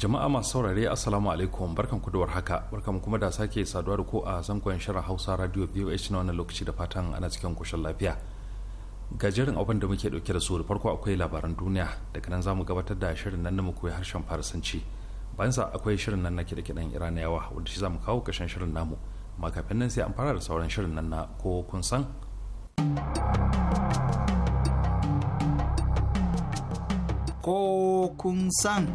jama'a masu saurare assalamu alaikum barkan ku haka barkan kuma da sake saduwa da ku a zangon shirin hausa radio voh na wannan lokaci da fatan ana cikin koshin lafiya gajeren abin da muke dauke da su da farko akwai labaran duniya daga nan zamu gabatar da shirin nan na mu koyi harshen farasanci bayan sa akwai shirin nan na kiɗe-kiɗen yawa wanda shi zamu kawo kashin shirin namu amma kafin nan sai an fara da sauran shirin nan na ko kun san ko kun san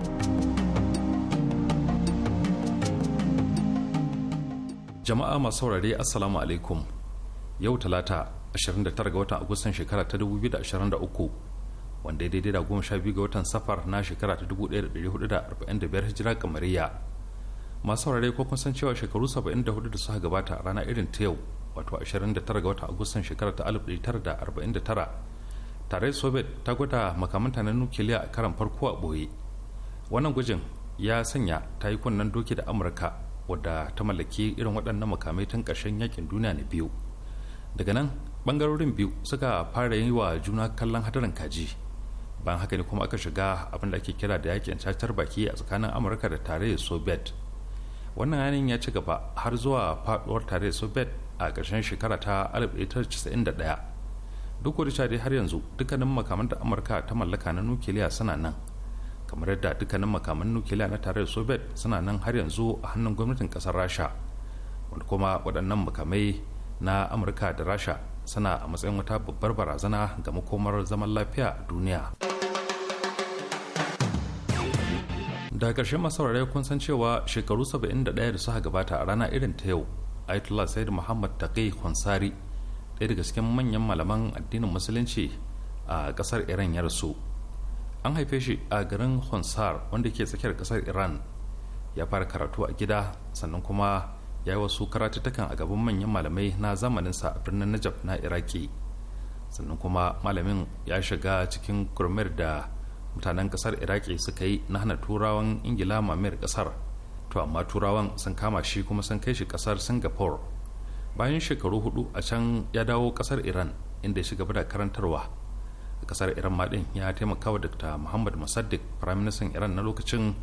jama'a masu saurare assalamu alaikum yau talata 29 ga watan agustan shekara ta 2023 wanda ya daidai da 12 ga watan safar na shekara ta 1445 hijira kamariya masu saurare ko kun san cewa shekaru 74 da suka gabata rana irin ta yau wato 29 ga watan agustan shekara ta 1949 tare soviet ta gwada makamanta na nukiliya a karan farko a boye wannan gwajin ya sanya ta yi kunnen doki da amurka wadda ta mallaki irin waɗannan makamai tun ƙarshen yakin duniya na biyu daga nan ɓangarorin biyu suka fara yi wa juna kallon hadarin kaji bayan haka ne kuma aka shiga abin da ake kira da yakin cacar baki a tsakanin amurka da tarayyar soviet wannan yanayin ya ci gaba har zuwa faduwar tarayyar soviet a ƙarshen shekara ta 1991 duk da har yanzu dukkanin makaman da amurka ta mallaka na nukiliya suna nan kamar yadda dukkanin makaman nukiliya na tarayyar soviet suna nan har yanzu a hannun gwamnatin kasar rasha wanda kuma waɗannan makamai na amurka da rasha suna a matsayin wata babbar barazana ga makomar zaman lafiya a duniya da ƙarshen masaurare kun san cewa shekaru 71 da suka gabata a rana irin ta yau ayatollah sayyid muhammad taqi kwansari ɗaya daga cikin manyan malaman addinin musulunci a ƙasar iran ya rasu an haife shi a garin honsar wanda ke tsakiyar kasar iran ya fara karatu a gida sannan kuma ya yi wasu karatuttukan a gaban manyan malamai na zamaninsa a birnin najaf na iraki sannan kuma malamin ya shiga cikin gurmir da mutanen kasar iraki suka yi na hana turawan ingila mamayar kasar to amma turawan sun kama shi kuma sun kai shi kasar singapore bayan shekaru hudu a can ya dawo kasar iran inda ya shiga da karantarwa kasar iran ma din ya taimaka wa dr muhammad musaddiq minister iran na lokacin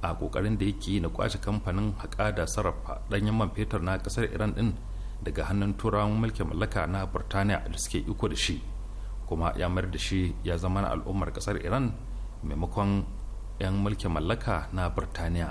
a kokarin da yake na kwace kamfanin haka da sarrafa ɗanyen man fetur na kasar iran din daga hannun turawan mulkin mallaka na burtaniya da suke iko da shi kuma ya mayar da shi ya zama na al'ummar kasar iran maimakon 'yan mulkin mallaka na burtaniya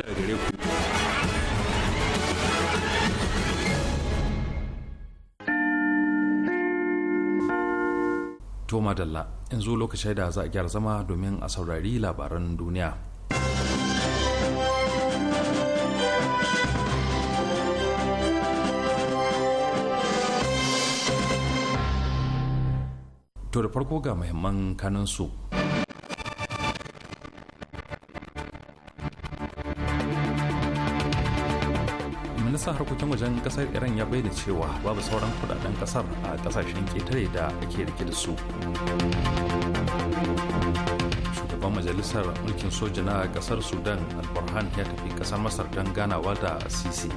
to madalla zo lokacin da za a gyara zama domin a saurari labaran duniya to da farko ga muhimman kanansu su sa harkokin wajen kasar iran ya bayyana cewa babu sauran kudaden kasar a kasashen ketare da ake rike da su shugaban majalisar mulkin soja na kasar sudan alburhan ya tafi kasar masar don ganawa da sisi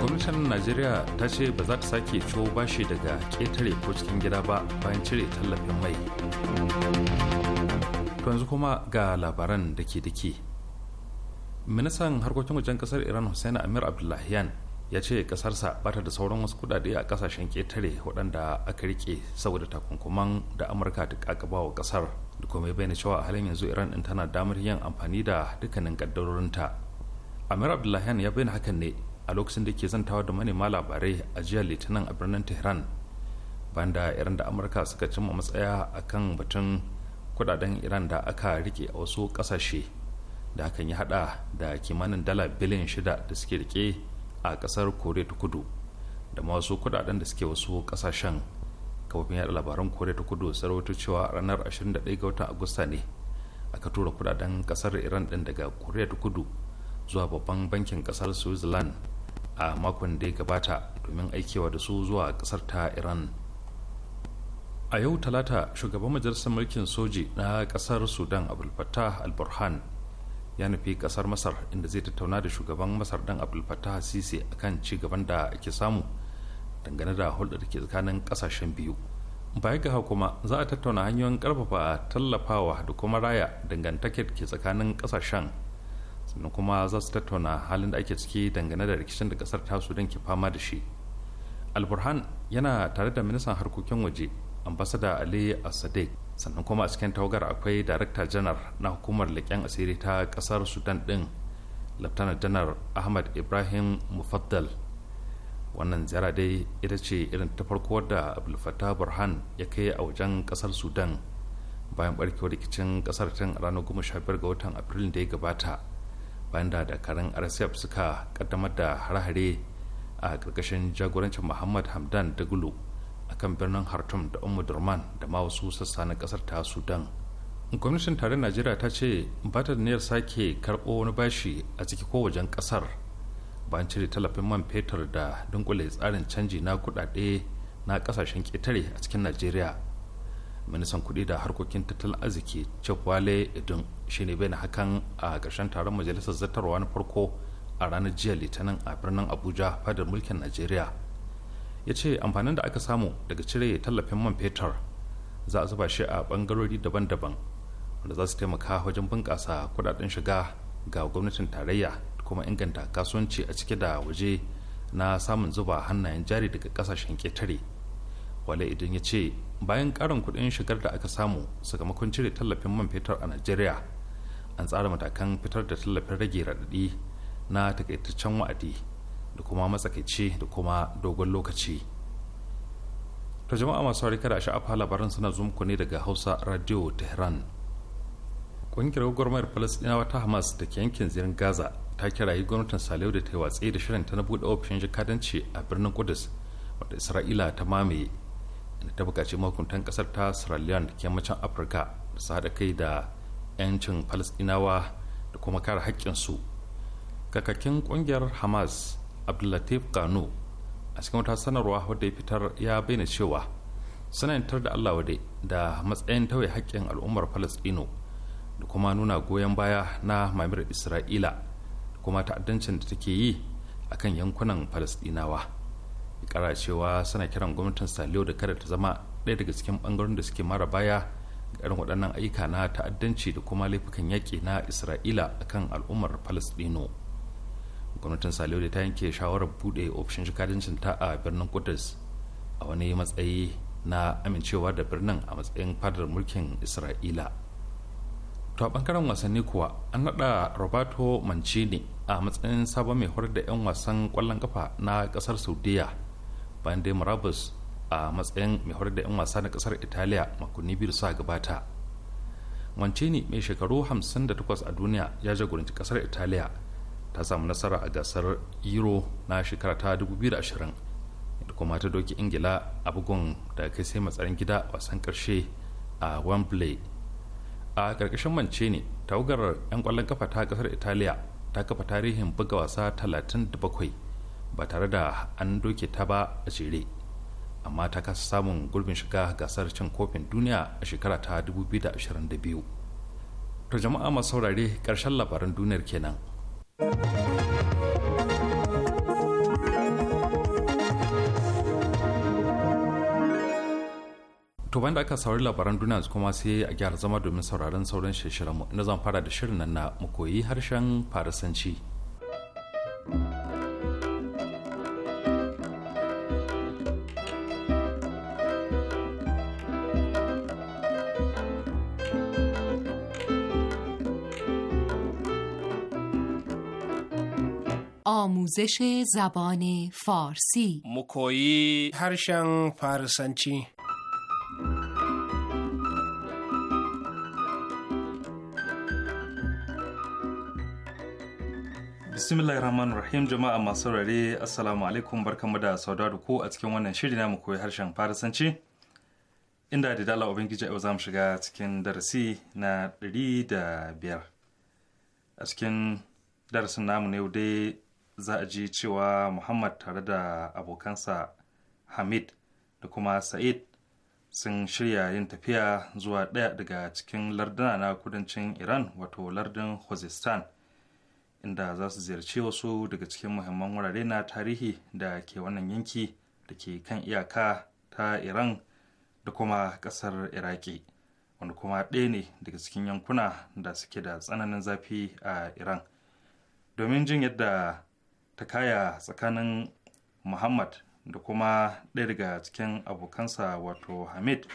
gwamnatin najeriya ta ce ba za ta sake ciwo bashi daga ketare ko cikin gida ba bayan cire tallafin mai yanzu kuma ga labaran da ke dake ministan harkokin wajen kasar iran hussein amir abdullahiyan ya ce kasarsa ba ta da sauran wasu kudade a kasashen ketare waɗanda aka rike saboda takunkuman da amurka ta kakaba wa kasar da kuma ya bayyana cewa a halin yanzu iran din tana damar yin amfani da dukkanin kaddarorinta amir abdullahiyan ya bayyana hakan ne a lokacin da ke zantawa da manema labarai a jiya litinin a birnin tehran banda iran da amurka suka cimma matsaya akan batun kudaden iran da aka rike a wasu kasashe da hakan ya hada da kimanin dala biliyan shida da suke rike a kasar koriya ta kudu da masu kudaden da suke wasu kasashen kafofin yada labaran koriya ta kudu wato cewa ranar 21 ga watan agusta ne aka tura kudaden kasar iran din daga koriya ta kudu zuwa babban bankin kasar switzerland a makon da ya gabata domin aikewa da su zuwa kasar ta iran a yau talata shugaban majalisar mulkin soji na kasar sudan abdulfattah al-burhan ya nufi kasar masar inda zai tattauna da shugaban masar dan abdul fattah sisi kan ci gaban da ake samu dangane da hulɗar da ke tsakanin kasashen biyu baya ga kuma za a tattauna hanyoyin karfafa tallafawa da kuma raya dangantakar ke tsakanin kasashen sannan kuma za su tattauna halin da ake ciki dangane da rikicin da kasar ta sudan ke fama da shi alburhan yana tare da ministan harkokin waje ambasada ali asadek sannan kuma a cikin tawagar akwai darakta janar na hukumar leƙen asiri ta ƙasar sudan ɗin lieutenant janar ahmad ibrahim mufaddal wannan ziyara dai ita ce irin ta farko da abulfata burhan ya kai a wajen ƙasar sudan bayan barkewar rikicin ƙasar tun ranar goma sha ga watan april da ya gabata bayan da dakarun rsf suka kaddamar da hare-hare a ƙarƙashin jagorancin muhammad hamdan dagulu akan birnin hartum da Umu durman da ma wasu sassa na kasar ta sudan gwamnatin tare najeriya ta ce ba ta da niyyar sake karɓo wani bashi a ciki ko wajen kasar bayan cire talafin man fetur da dunkule tsarin canji na kuɗaɗe na kasashen ƙetare a cikin najeriya ministan kuɗi da harkokin tattalin arziki cekwale idun shine bai na hakan a ƙarshen taron majalisar zartarwa na farko a ranar jiya litinin a birnin abuja fadar mulkin najeriya ya ce amfanin da aka samu daga cire tallafin man fetur za a zuba shi a bangarori daban-daban wanda za su taimaka wajen bunƙasa kudaden shiga ga gwamnatin tarayya kuma inganta kasuwanci a cike da waje na samun zuba hannayen jari daga kasashen ketare wale idan ya ce bayan karin kuɗin shigar da aka samu sakamakon cire tallafin man fetur a najeriya an tsara matakan fitar da tallafin rage raɗaɗi na takaitaccen wa'adi da kuma matsakaici da kuma dogon lokaci to jama'a masu harika da sha'afa labaran suna zumku ne daga hausa radio tehran ƙungiyar gwagwarmayar falasɗinawa ta hamas da ke yankin zirin gaza ta kirayi gwamnatin saliu da ta yi watsi da shirin ta na buɗe ofishin jakadanci a birnin kudus wadda isra'ila ta mamaye inda ta buƙaci mahukuntan ƙasar ta sierra leone da yammacin afirka da su kai da 'yancin falasɗinawa da kuma kare haƙƙinsu kakakin ƙungiyar hamas abdullatif kano a cikin wata sanarwa wadda ya fitar ya bayyana cewa sanantar da allah wade da matsayin tauye haƙƙin al'ummar falastino da kuma nuna goyon baya na mamir isra'ila da kuma ta'addancin da take yi a kan yankunan falasɗinawa ya kara cewa suna kiran gwamnatin saliyo da kada ta zama ɗaya daga cikin ɓangaren da suke mara baya ga irin waɗannan ayyuka na ta'addanci da kuma laifukan yaƙi na isra'ila a kan al'ummar falastino gwamnatin saliyo ta yanke shawarar bude ofishin jikadancin ta a birnin kudus a wani matsayi na amincewa da birnin a matsayin fadar mulkin isra'ila to a bangaren wasanni kuwa an naɗa roberto mancini a matsayin sabon mai horar da 'yan wasan kwallon kafa na kasar saudiya bayan dai murabus a matsayin mai horar da 'yan wasa na kasar italiya makonni biyu sa gabata mancini mai shekaru 58 a duniya ya jagoranci kasar italiya ta samu nasara a gasar euro na shekara ta 2020 da kuma ta doki ingila a bugun da kai sai matsarin gida wasan karshe a wembley a karkashin mance ne tawagar 'yan kwallon kafa ta ƙasar italiya ta kafa tarihin buga wasa 37 ba tare da an doke ta ba a jere amma ta kasa samun gurbin shiga gasar cin kofin duniya a shekara ta 2022 to jama'a masu saurare ƙarshen labaran duniyar kenan to bayan da aka saurari labaran duniya kuma sai a gyara zama domin sauraron sauran shirin mu inda zan fara da shirin nan na mu koyi harshen farisanci. آموزش زبان فارسی مکویی هرشن فارسنچی bismillahir rahmanir rahim jama'a masu rare assalamu alaikum barkamu da sauda a cikin wannan shiri na mu koyi harshen farisanci inda da dala ubangiji yau za mu shiga cikin darasi na ɗari da biyar a cikin darasin namu ne dai za a ji cewa muhammad tare da abokansa hamid da kuma sa'id sun shirya yin tafiya zuwa ɗaya daga cikin larduna na kudancin iran wato lardin khuzestan inda za su ziyarci wasu daga cikin muhimman wurare na tarihi da ke wannan yanki da ke kan iyaka ta iran da kuma ƙasar iraki wanda kuma ɗaya ne daga cikin yankuna da suke da tsananin zafi a iran domin jin yadda ta kaya tsakanin muhammad da kuma ɗaya daga cikin abokansa wato hamid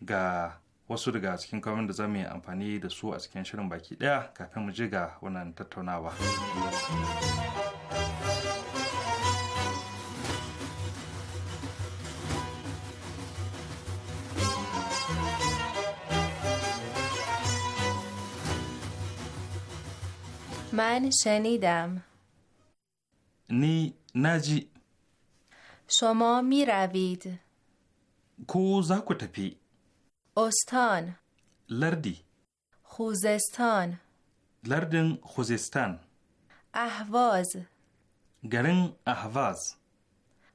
ga wasu daga cikin kawai da za mu yi amfani da su a cikin shirin baki ɗaya kafin mu je ga wannan tattaunawa. من شنیدم نی نجی شما می روید کو تپی استان لردی خوزستان لردن خوزستان اهواز گرن احواز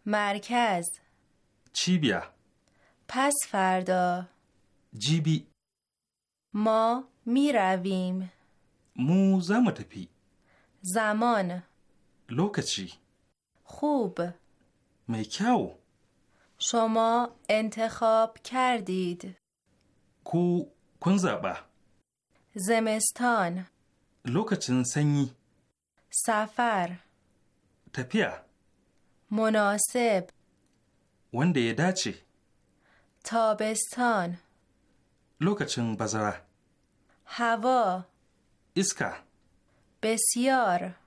مرکز بیا پس فردا بی ما می رویم مو تپی زمان لوکچی خوب میکاو شما انتخاب کردید کو کن زبا زمستان لوکچن سنی سفر تپیا مناسب ونده یه داچه تابستان لوکچن بزرا هوا اسکا بسیار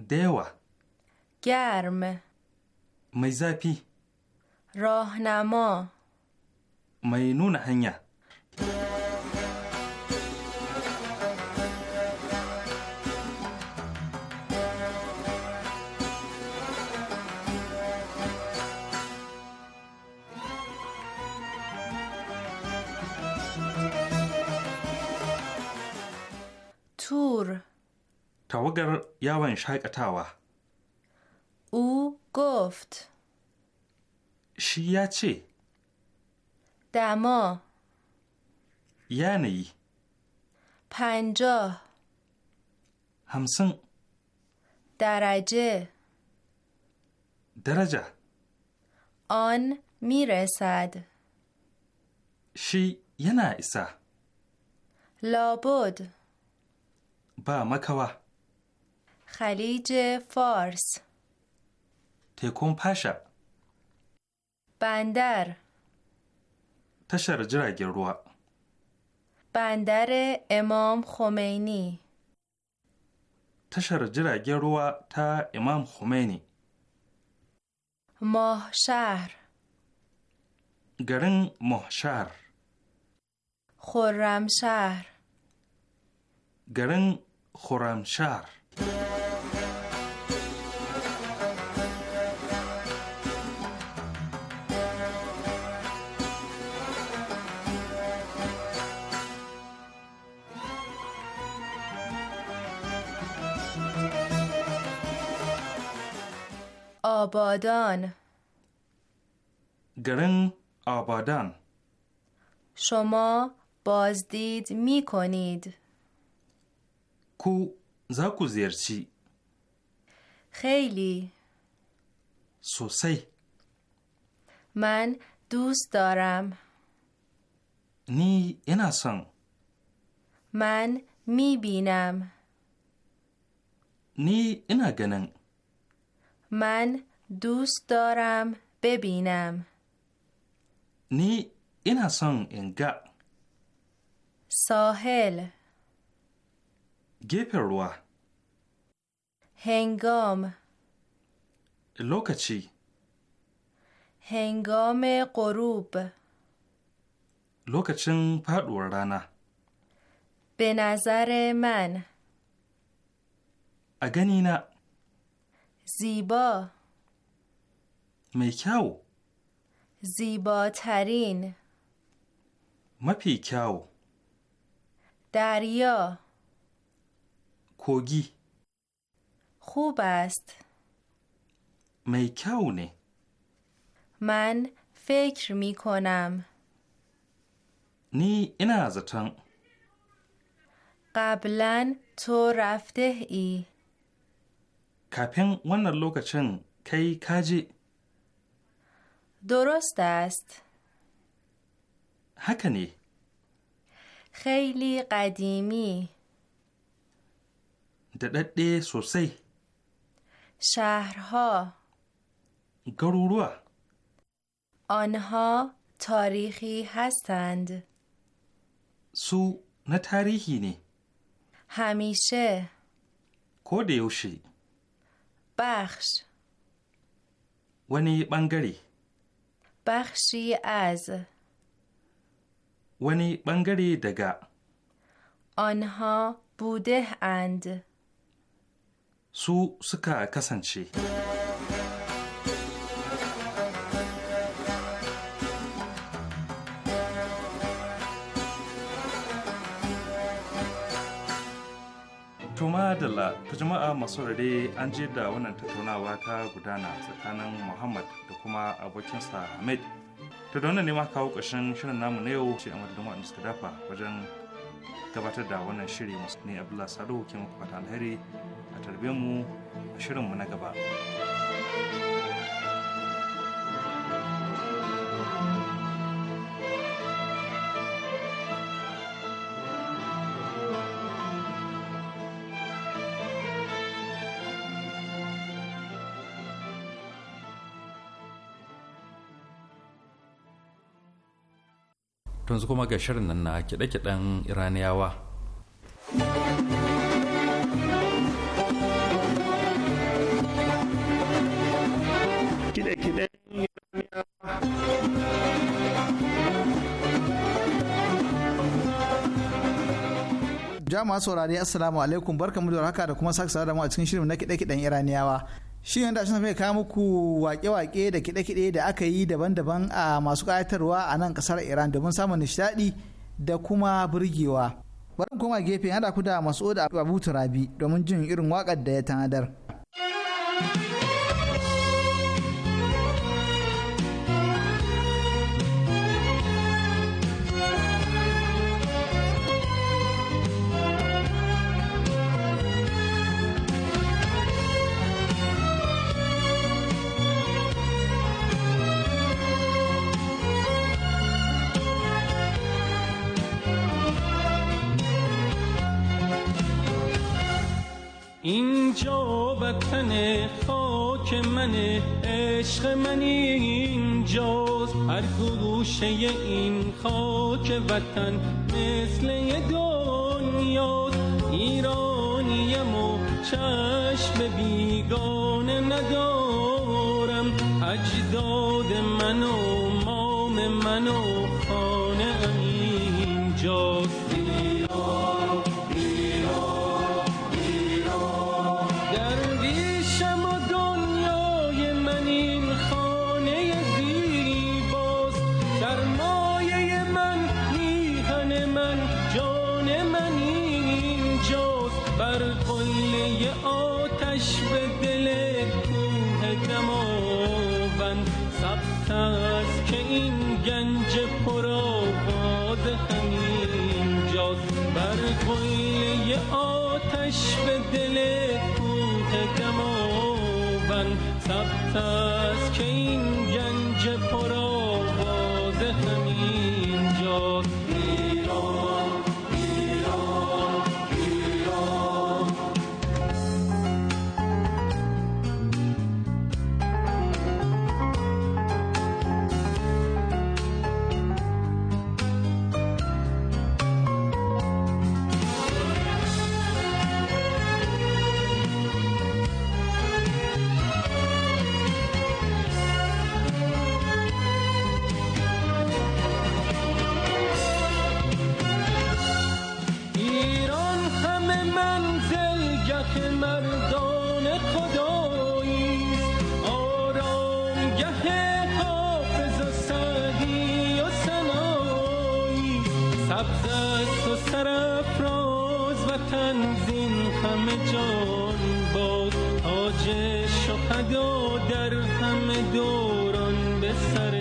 da yawa gyarm mai zafi rahnama mai nuna hanya yeah. Kawagar yawon shaƙatawa. U goft. Shi ya ce. Damo. Yanayi. Fanjo. Hamsin. Daraje. Daraja. On miresad. Shi yana isa. Labod. Ba makawa. خلیج فارس تکون پاشا بندر تشر روا بندر امام خمینی تشر روا تا امام خمینی ماه شهر گرن ماه شهر خورم شهر گرن خورم شهر آبادان گرن آبادان شما بازدید می کنید کو زاکو زیرچی خیلی سوسی من دوست دارم نی ایناسان من می بینم نی اینا گنن من دوست دارم ببینم نی این هسان انگا ساحل گپروا هنگام لوکچی هنگام غروب لوکچن پادور به نظر من اگنینا زیبا میکاو زیباترین مفی کاو دریا کوگی خوب است میکونه من فکر می کنم نی اینا زتان قبلا تو رفته ای کپین ون لوکچن کی کاجی درست است هکنی خیلی قدیمی دردی سوسی شهرها گرورو آنها تاریخی هستند سو نه تاریخی نی همیشه کودیوشی بخش ونی بنگری Bakshi as Wani ɓangare daga Anha Budeh and Su suka kasance. da la, ta jama'a masu rare an je da wannan tattaunawa ta gudana tsakanin Muhammad da kuma abokinsa Hamid. Ta da wannan ne ma kawo ƙarshen shirin namu na yau ce a madadin waɗanda suka dafa wajen gabatar da wannan shiri masu ne Abdullahi Sadu ke muku fata alheri a tarbe mu a shirinmu na gaba. yanzu kuma ga shirin nan na kiɗe-kiɗen iraniyawa jama'a saurari assalamu alaikum barkamu da haka da kuma sake da mu a cikin shirin na kiɗe-kiɗen iraniyawa shi yanda suna mai kawo muku wake-wake da kide-kide da aka yi daban-daban a masu kayatarwa a nan kasar iran domin samun nishadi da kuma burgewa bari koma gefe hada ku da masu oda abu turabi domin jin irin wakar da ya tanadar. تن خاک من عشق من اینجاست هر گوشه این خاک وطن مثل یه دنیاست ایرانیم و چشم بیگانه ندارم اجداد من و مام من که این گنج پر همین بر قله آتش به دل کوه دماوند ثبت است که جان باد آج شهدا در همه دوران به سر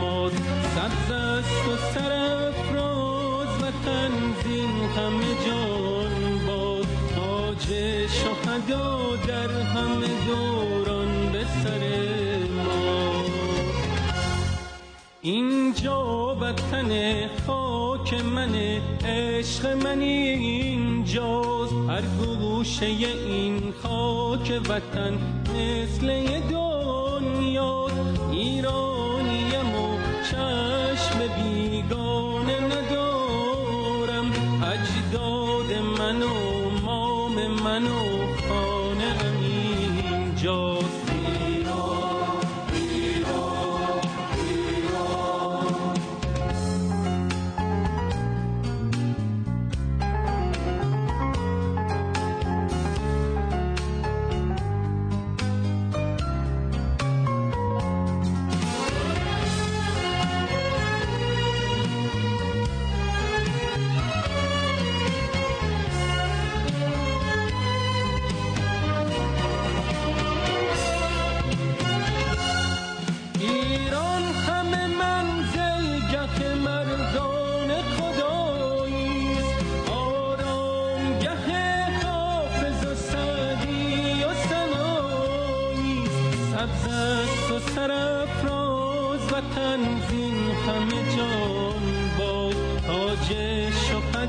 ما سبز است و سرافراز وطن زین همه جان باد آج شهدا در همه دوران به سر ما اینجا وطن خاک من عشق منی گوشه این خاک وطن مثل دنیا ایرانیم و چشم بیگانه ندارم اجداد من و مام من و خانه اینجاست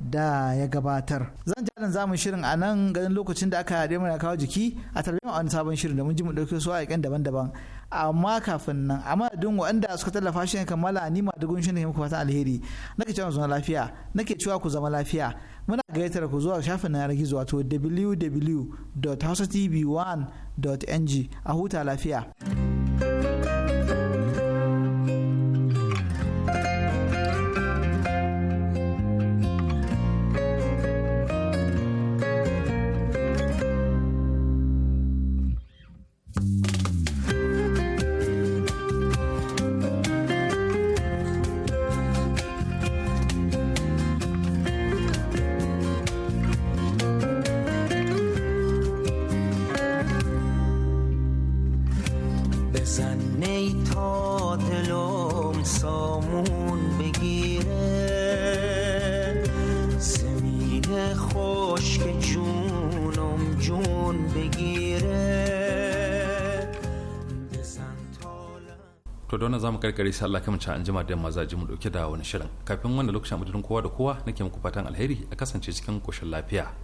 da ya gabatar zan jarin zamun shirin a nan ganin lokacin da aka haɗe mana kawo jiki a tarbiyyar wani sabon shirin da mun ji mu ɗauke su a daban-daban amma kafin nan a madadin waɗanda suka tallafa shi ne kammala ni ma dugun shi ne muku fatan alheri nake cewa zuwa lafiya nake cewa ku zama lafiya muna gayyatar ku zuwa shafin na yanar gizo wato www.hausatv1.ng a huta lafiya. wannan zamu karkare sai Allah kamar an jima da maza ji mu dauke da wani shirin kafin wannan lokacin mutum kowa da kowa nake muku fatan alheri a kasance cikin koshin lafiya